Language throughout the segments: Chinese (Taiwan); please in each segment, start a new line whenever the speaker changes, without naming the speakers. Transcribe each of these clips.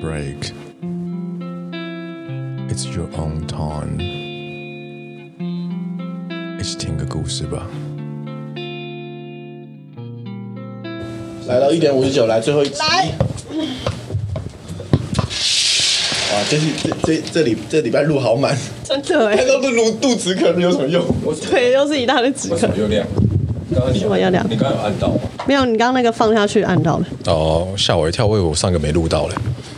Break. It's your own time. 一起聽個故事吧。來到一點五十九，來最後一集。來哇，這這這這，這裡這禮拜錄好滿。真的哎，都是錄肚子可能有什麼用？對，又是一大堆。為什麼又亮？剛剛你，有亮，你剛剛有按到嗎？沒有，你剛剛那個放下去按到了。哦，嚇我一跳，我有，我以為我上個沒錄到嘞。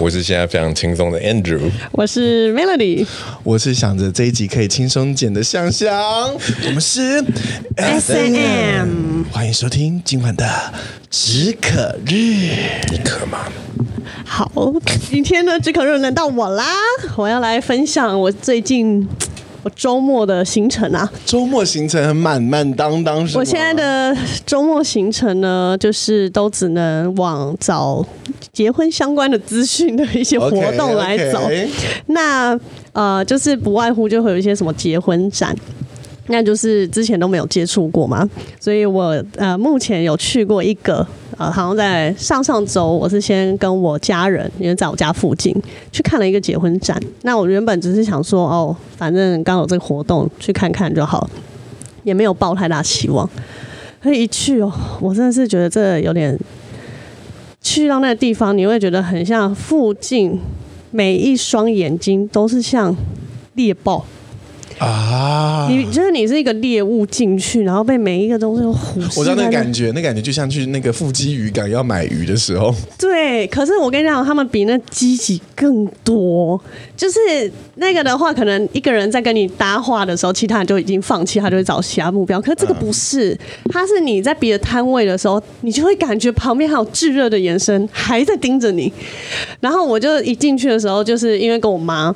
我是現在非常輕鬆的 Andrew，我是 Melody，我是想着這一集可以輕鬆剪的香香，我們是 S M，啊，歡迎收聽今晚的止渴日，你渴嗎？好，今天呢，止渴日輪到我啦，我要來分享我最近我周末的行程啊，周末行程很滿滿當當，我現在的周末行程呢，就是都只能往早。結婚相關的資訊的一些活動來走，okay, okay. 那呃，就是不外乎就會有一些什麼結婚展，那就是之前都沒有接觸過嘛，所以我呃目前有去過一個呃，好像在上上周，我是先跟我家人，因為在我家附近去看了一個結婚展，那我原本只是想說哦，反正剛好這個活動去看看就好，也沒有抱太大期望，可以一去哦，我真的是覺得這有點。去到那個地方，你會覺得很像附近每一雙眼睛都是像獵豹。啊！你覺得、就是、你是一個獵物進去，然後被每一個東西都是虎視？我知道那個感覺，那感覺就像去那個富基漁港要買魚的時候。對，可是我跟你講，他們比那積極更多。就是那個的話，可能一個人在跟你搭話的時候，其他人就已經放棄，他就會找其他目標。可是這個不是，他、嗯、是你在別的攤位的時候，你就會感覺旁邊還有炙熱的眼神還在盯着你。然後我就一進去的時候，就是因為跟我媽。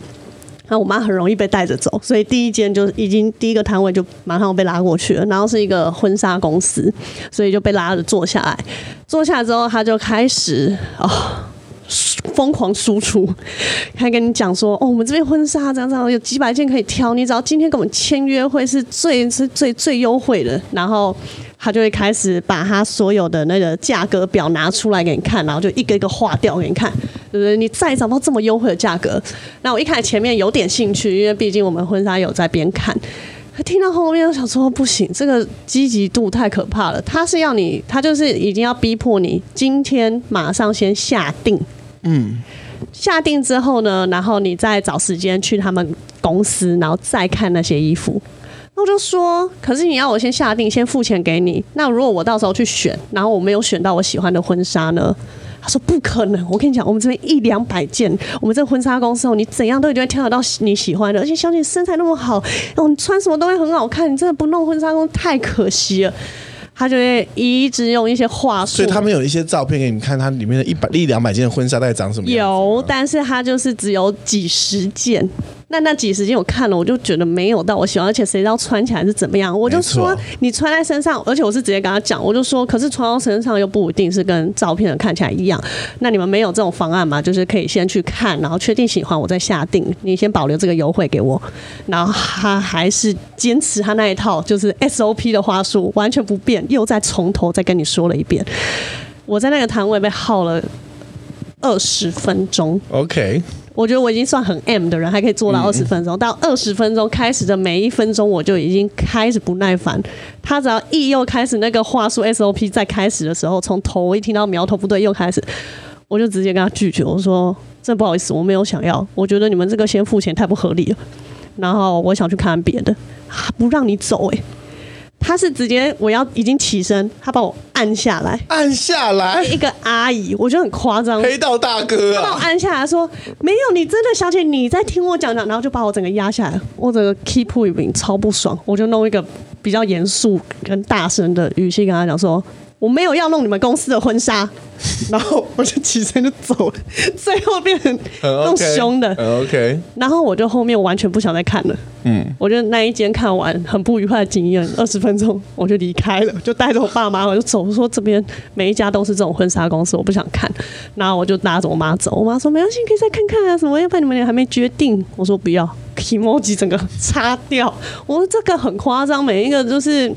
那我媽很容易被帶着走，所以第一間就已經第一個攤位就馬上被拉過去了。然後是一個婚紗公司，所以就被拉着坐下來。坐下來之後，她就開始哦瘋狂輸出，她跟你講說：“哦，我們這邊婚紗這樣這樣有幾百件可以挑，你只要今天跟我們簽約會是最是最最優惠的。”然後他就會開始把他所有的那個價格表拿出來給你看，然後就一個一個劃掉給你看。對不對？你再找到這麼優惠的價格，那我一開始前面有點興趣，因為畢竟我們婚紗有在邊看。聽到後面，我想說不行，這個積極度太可怕了。他是要你，他就是已經要逼迫你今天馬上先下定。嗯，下定之後呢，然後你再找時間去他們公司，然後再看那些衣服。那我就說，可是你要我先下定，先付錢給你。那如果我到時候去選，然後我沒有選到我喜歡的婚紗呢？他說：“不可能，我跟你講，我們這邊一兩百件，我們這婚紗公司哦，你怎樣都一定會挑得到你喜歡的。而且小姐身材那麼好，哦，你穿什麼都會很好看，你真的不弄婚紗公太可惜了。”他就會一直用一些話術，所以他們有一些照片給你們看，它裡面的一百一兩百件婚紗在長什麼樣子？有，但是它就是只有幾十件。那那幾十件我看了，我就覺得沒有到我喜歡，而且誰知道穿起來是怎麼樣？我就說你穿在身上，而且我是直接跟他講，我就說，可是穿到身上又不一定是跟照片的看起來一樣。那你們沒有這種方案嗎？就是可以先去看，然後確定喜歡，我再下定。你先保留這個優惠給我，然後他還是堅持他那一套，就是 SOP 的花束完全不變，又再從頭再跟你說了一遍。我在那個攤位被耗了。二十分鐘，OK。我覺得我已經算很 M 的人，還可以做到二十分鐘。嗯、到二十分鐘開始的每一分鐘，我就已經開始不耐煩。他只要一又開始那個話術 SOP 再開始的時候，從頭一聽到苗頭不對又開始，我就直接跟他拒絕。我說：“真不好意思，我沒有想要。我覺得你們這個先付錢太不合理了。然後我想去看看別的、啊，不讓你走哎、欸。”他是直接我要已經起身，他把我按下來，按下來一個阿姨，我覺得很誇張，黑道大哥啊，他把我按下來說沒有，你真的小姐，你在聽我講講，然後就把我整個壓下來，我整個 keep m i t i n g 超不爽，我就弄一個比較嚴肅跟大聲的語氣跟他講說。我沒有要弄你們公司的婚紗，然後我就起身就走了，最後變成弄凶的，uh, okay. Uh, okay. 然後我就後面完全不想再看了。嗯，uh, okay. 我就那一間看完很不愉快的經驗，二十分鐘我就離開了，就帶着我爸媽，我就走，說這邊每一家都是這種婚紗公司，我不想看。然後我就拉着我媽走，我媽說沒關係，可以再看看啊，什麼要不然你們倆還沒決定？我說不要，可以摸整個擦掉。我說這個很誇張，每一個就是。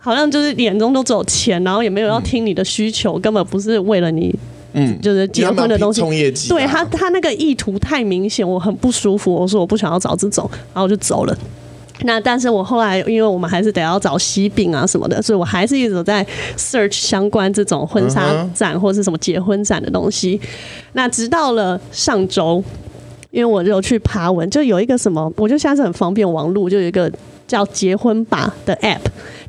好像就是眼中都只有錢，然後也沒有要聽你的需求，嗯、根本不是為了你。嗯，就是結婚的東西。要衝業績啊，對，他、他那個意圖太明顯，我很不舒服。我說我不想要找這種，然後我就走了。那但是我後來，因為我們還是得要找喜餅啊什麼的，所以我還是一直在 search 相關這種婚紗展、嗯、哼或者是什麼結婚展的東西。那直到了上周，因為我有去爬文，就有一個什麼，我就現在是很方便網路，就有一個。叫結婚吧的 app，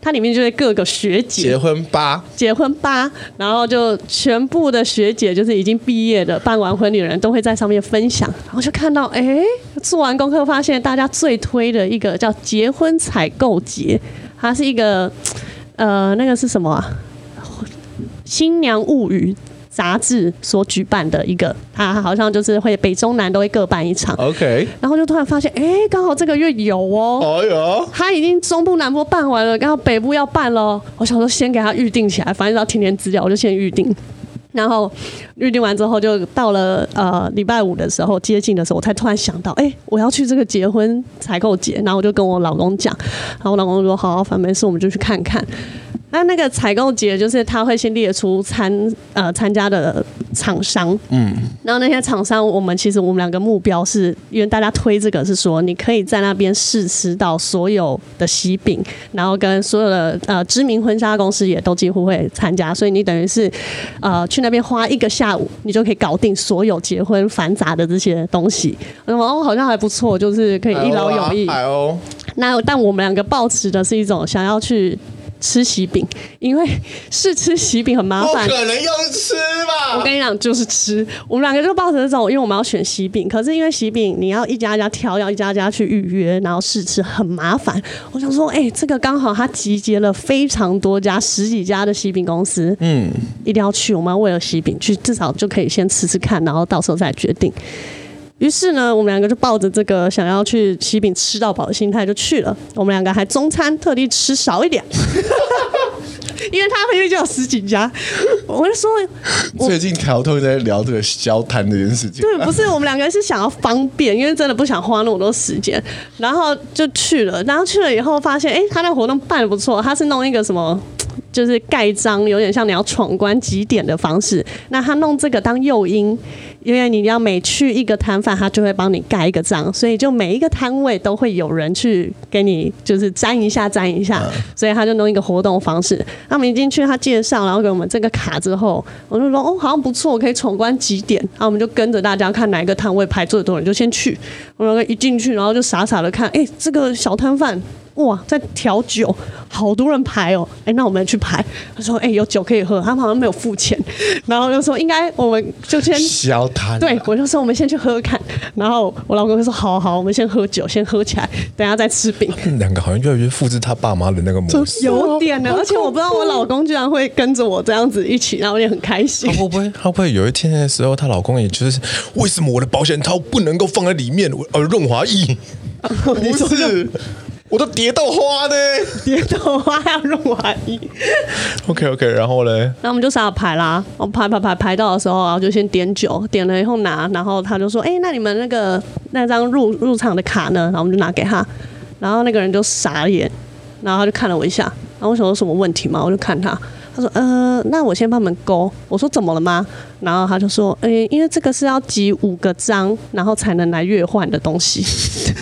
它裡面就是各個學姐結婚吧，結婚吧，然後就全部的學姐就是已經畢業的辦完婚禮的人都會在上面分享，然後就看到，哎、欸，做完功課發現大家最推的一個叫結婚採購節，它是一個，呃，那個是什麼、啊？新娘物語。雜誌所舉辦的一個，他好像就是會北中南都會各辦一場，OK。然後就突然發現，哎，剛好這個月有哦。哎呦，他已經中部南部辦完了，剛好北部要辦了。我想說先給他預定起來，反正要填填資料，我就先預定。然後預定完之後，就到了呃禮拜五的時候接近的時候，我才突然想到，哎，我要去這個結婚採購節。然後我就跟我老公講，然後我老公就說好，反正沒事我們就去看看。那那個採購節就是他會先列出參呃參加的廠商，嗯，然後那些廠商，我們其實我們兩個目標是，因為大家推這個是說你可以在那邊試吃到所有的喜餅，然後跟所有的呃知名婚紗公司也都幾乎會參加，所以你等於是呃去那邊花一個下午，你就可以搞定所有結婚繁雜的這些東西。然後哦，好像還不錯，就是可以一勞永逸。那但我們兩個抱持的是一種想要去。吃喜餅，因為試吃喜餅很麻煩。可能要是吃吧？我跟你講，就是吃。我們兩個就抱着這種，因為我們要選喜餅，可是因為喜餅你要一家一家挑，要一家一家去預約，然後試吃很麻煩。我想說，哎、欸，這個剛好他集結了非常多家，十幾家的喜餅公司，嗯，一定要去。我們要為了喜餅去，至少就可以先吃吃看，然後到時候再決定。於是呢，我們兩個就抱着這個想要去喜餅吃到飽的心態，就去了。我們兩個還中餐特地吃少一點， 因為他那邊就有十幾家，我就說。最近調頭在聊這個消攤這件事情。對，不是我們兩個是想要方便，因為真的不想花那麼多時間，然後就去了。然後去了以後發現，哎、欸，他那個活動辦得不錯，他是弄一個什麼。就是蓋章，有點像你要闖關幾點的方式。那他弄這個當誘因，因為你要每去一個攤販，他就會幫你蓋一個章，所以就每一個攤位都會有人去給你，就是粘一下粘一下。嗯、所以他就弄一個活動方式。那我們一進去，他介紹，然後給我們這個卡之後，我就說哦，好像不錯，可以闖關幾點。然後我們就跟着大家看哪一個攤位排最多人，就先去。我們一進去，然後就傻傻的看，哎、欸，這個小攤販。哇，在調酒，好多人排哦、喔。哎、欸，那我們去排。他說，哎、欸，有酒可以喝，他們好像沒有付錢。然後就說，應該我們就先消攤。對，我就說我們先去喝喝看。然後我老公就說，好好，我們先喝酒，先喝起來，等下再吃餅。兩個好像越來越複制他爸媽的那個模式，有點了。公公而且我不知道我老公居然會跟着我這樣子一起，然後也很開心。會不會，會不會有一天的時候，她老公也就是為什麼我的保險套不能夠放在裡面？呃，潤滑液不是。我都蝶豆花呢，蝶豆花要用玩意。OK OK，然後呢？那我們就上牌啦。我們排排排排到的時候啊，然後就先點酒，點了以後拿。然後他就說：“哎，那你們那個那張入入場的卡呢？”然後我們就拿給他。然後那個人就傻眼，然後他就看了我一下。然後我想說有什麼問題嗎？我就看他，他說：“呃，那我先幫你們勾。”我說：“怎麼了嗎？”然後他就說：“哎，因為這個是要集五個章，然後才能來兌換的東西。”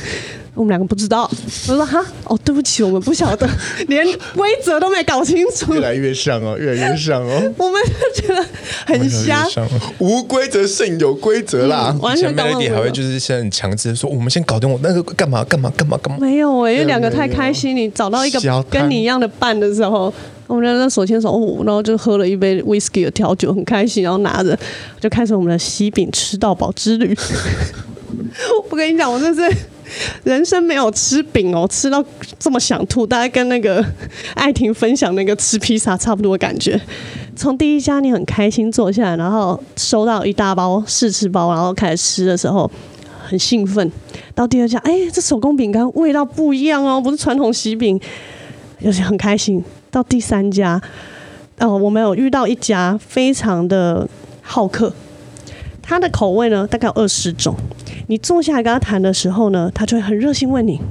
我們兩個不知道，我說哈哦，對不起，我們不曉得，連規則都沒搞清楚。 越來越像哦，越來越像哦。我們就覺得很瞎覺得像，無規則勝有規則啦。完全 Melody 還會就是現在很強制說，我們先搞定我，那個幹嘛幹嘛幹嘛幹嘛。幹嘛幹嘛沒有誒、欸，因為兩個太開心，你找到一個跟你一樣的伴的時候，湯我們兩個手牽手，然後就喝了一杯 Whisky 的調酒，很開心，然後拿着就開始我們的喜餅吃到飽之旅。 我跟你講，我這是。人生沒有吃餅哦，吃到這麼想吐，大概跟那個艾婷分享那個吃披薩差不多的感覺。從第一家你很開心坐下來，然後收到一大包試吃包，然後開始吃的時候很興奮。到第二家，哎，這手工餅乾味道不一樣哦，不是傳統喜餅，就是很開心。到第三家，哦，我們有遇到一家非常的好客，他的口味呢大概有二十種。你坐下來跟他談的時候呢，他就會很熱心問你、欸：“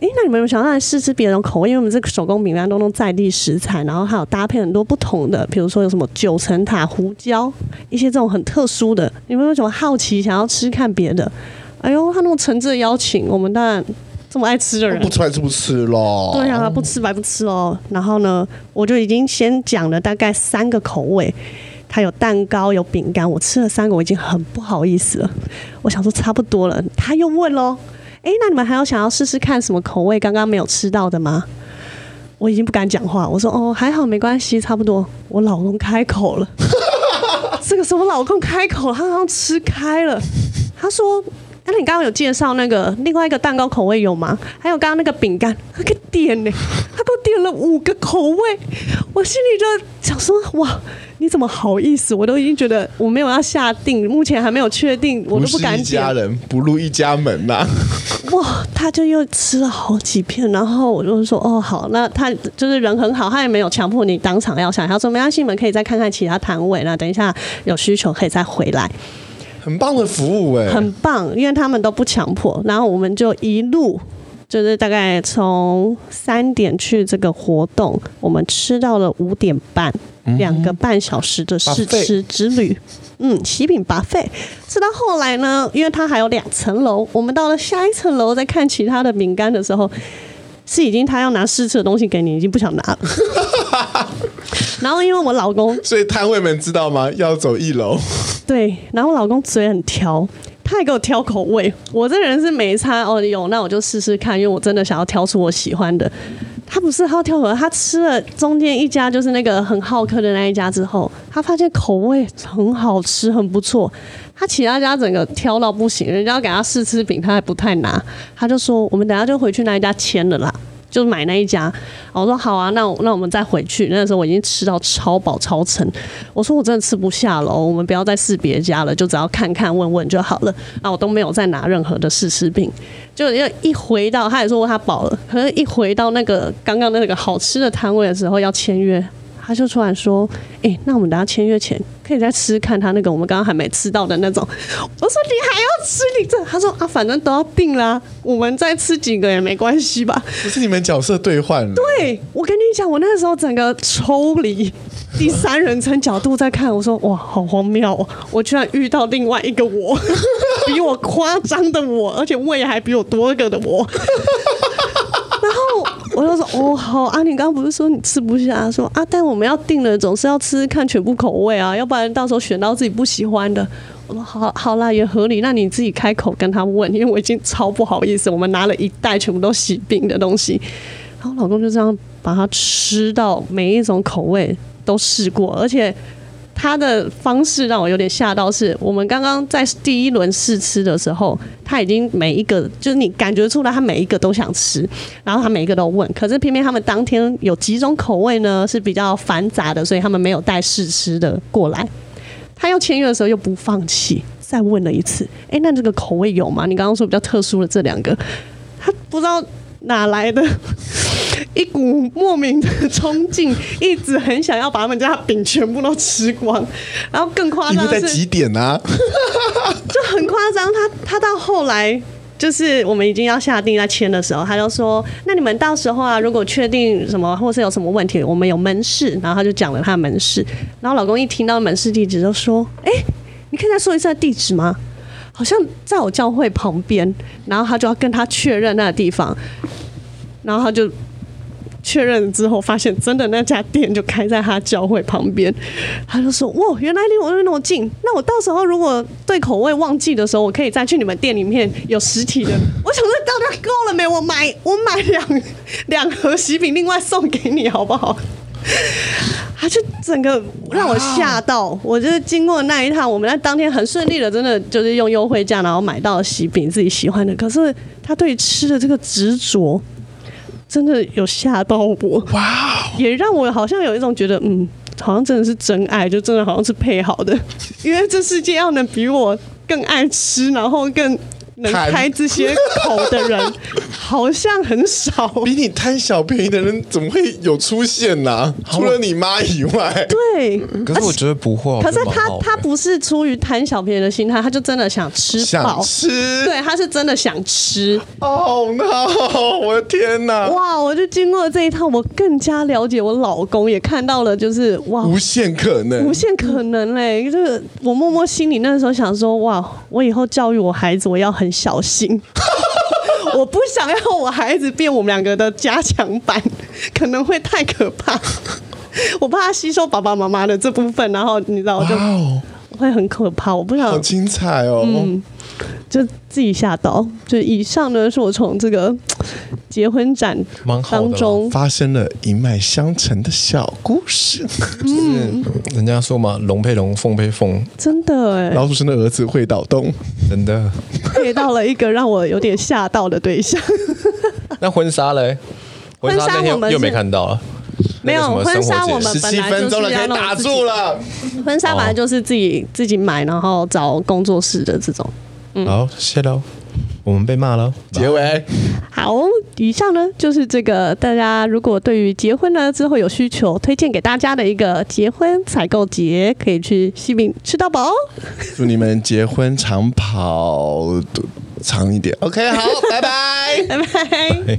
那你們有沒有想要來試吃別的種口味？因為我們這個手工餅乾，都用在地食材，然後還有搭配很多不同的，比如說有什麼九層塔胡椒，一些這種很特殊的。你們有，有什麼好奇想要吃看別的？哎呦，他那麼誠摯的邀請，我們當然這麼愛吃的人、啊、不吃還是不吃了。對呀、啊，不吃白不吃哦。然後呢，我就已經先講了大概三個口味。”他有蛋糕，有餅乾，我吃了三個，我已經很不好意思了。我想說差不多了，他又問嘍：“誒，那你們還有想要試試看什麼口味？剛剛沒有吃到的嗎？”我已經不敢講話，我說：“哦，還好，沒關係，差不多。”我老公開口了， 這個是我老公開口，他好像吃開了。他說：“那你剛剛有介紹那個另外一個蛋糕口味有嗎？還有剛剛那個餅乾，他給點呢？他給我點了五個口味，我心裡就想說哇。”你怎麼好意思？我都已經覺得我沒有要下定，目前還沒有確定，我都不敢，不是一家人不入一家門吶、啊！ 哇，他就又吃了好幾片，然後我就說：“哦，好，那他就是人很好，他也沒有強迫你當場要想他說：‘沒關係，你們可以再看看其他攤位，那等一下有需求可以再回來。’很棒的服務哎、欸，很棒，因為他們都不強迫。然後我們就一路就是大概從三點去這個活動，我們吃到了五點半。兩個半小時的試吃之旅，Buff et 嗯，喜餅 buffet。直到後來呢，因為他還有兩層樓，我們到了下一層樓，再看其他的餅乾的時候，是已經他要拿試吃的東西給你，已經不想拿了。 然後因為我老公，所以攤位們知道嗎？要走一樓。對，然後我老公嘴很挑，他也給我挑口味。我這人是沒差哦，有那我就試試看，因為我真的想要挑出我喜歡的。他不是好挑，好挑，他吃了中間一家，就是那個很好客的那一家之後，他發現口味很好吃，很不錯。他其他家整個挑到不行，人家要給他試吃餅，他還不太拿，他就說：“我們等下就回去那一家簽了啦。”就買那一家，我說好啊，那我那我們再回去。那時候我已經吃到超飽超撐。我說我真的吃不下了，我們不要再試別家了，就只要看看問問就好了。那我都沒有再拿任何的試吃品，就因為一回到，他也說他飽了。可是，一回到那個剛剛那個好吃的攤位的時候，要簽約。他就突然說：“誒、欸，那我們等下簽約前可以再吃看他那個，我們剛剛還沒吃到的那種。”我說：“你還要吃？你這？”他說：“啊，反正都要定啦、啊，我們再吃幾個也沒關係吧。”不是你們角色兌換了？對，我跟你講，我那個時候整個抽離第三人稱角度在看，我說：“哇，好荒謬！我居然遇到另外一個我，比我誇張的我，而且胃還比我多一個的我。”我就說哦，好啊，你剛剛不是說你吃不下？」說啊，但我們要定的，總是要吃吃看全部口味啊，要不然到時候選到自己不喜歡的。我說好好，好啦，也合理，那你自己開口跟他問，因為我已經超不好意思，我們拿了一袋全部都喜餅的東西，然後老公就這樣把它吃到每一種口味都試過，而且。他的方式讓我有點嚇到是，是我們剛剛在第一輪試吃的時候，他已經每一個就是你感覺出來，他每一個都想吃，然後他每一個都問，可是偏偏他們當天有幾種口味呢是比較繁雜的，所以他們沒有帶試吃的過來。他要簽約的時候又不放棄，再問了一次，哎、欸，那這個口味有嗎？你剛剛說比較特殊的這兩個，他不知道哪來的。一股莫名的衝勁，一直很想要把他們家餅全部都吃光，然後更誇張是在幾點呢、啊？ 就很誇張，他他到後來就是我們已經要下定要簽的時候，他就說：“那你們到時候啊，如果確定什麼或是有什麼問題，我們有門市。”然後他就講了他的門市。然後老公一聽到門市地址，就說：“哎、欸，你可以再說一下地址嗎？好像在我教會旁邊。”然後他就要跟他確認那個地方，然後他就。確認之後，發現真的那家店就開在他教會旁邊，他就說：“哇，原來離我那麼近！那我到時候如果對口味忘記的時候，我可以再去你們店裡面有實體的。我想說，到底夠了沒？我買，我買兩兩盒喜餅，另外送給你，好不好？”他就整個讓我嚇到。我就是經過的那一趟，我們在當天很順利的，真的就是用優惠價然後買到喜餅自己喜歡的。可是他對吃的這個執着。真的有嚇到我，哇 Wow！也讓我好像有一種覺得，嗯，好像真的是真愛，就真的好像是配好的，因為這世界要能比我更愛吃，然後更。能開這些口的人 好像很少。比你貪小便宜的人怎麼會有出現呢、啊？好除了你媽以外，對。可是我覺得不會。且可是他他不是出於貪小便宜的心態，他就真的想吃飽吃。對，他是真的想吃。Oh no，我的天哪！哇，wow, 我就經過了這一趟，我更加了解我老公，也看到了，就是哇，無限可能，無限可能嘞、欸！就是我默默心裡那時候想說，哇，我以後教育我孩子，我要很。小心！ 我不想要我孩子變我們兩個的加強版，可能會太可怕。 我怕他吸收爸爸媽媽的這部分，然後你知道，我就會很可怕。Wow. 我不想。好精彩哦！嗯，就自己嚇到。就以上呢，是我從這個。結婚展當中發生了一脈相承的小故事。嗯，人家說嘛，龍配龍，鳳配鳳，真的，老鼠生的兒子會打洞，真的，配 到了一個讓我有點嚇到的對象。 那婚紗嘞？婚紗我們紗那天又沒看到啊？沒有婚紗，我們十七分鐘了，可以打住了。婚紗本來就是自己自己買，然後找工作室的這種。哦、嗯，好，謝嘍、哦。我們被罵了，bye、結尾。好，以上呢就是這個，大家如果對於結婚呢之後有需求，推薦給大家的一個結婚採購節，可以去西餅吃到飽、哦。祝你們結婚長跑長一點。OK，好，拜拜，拜拜。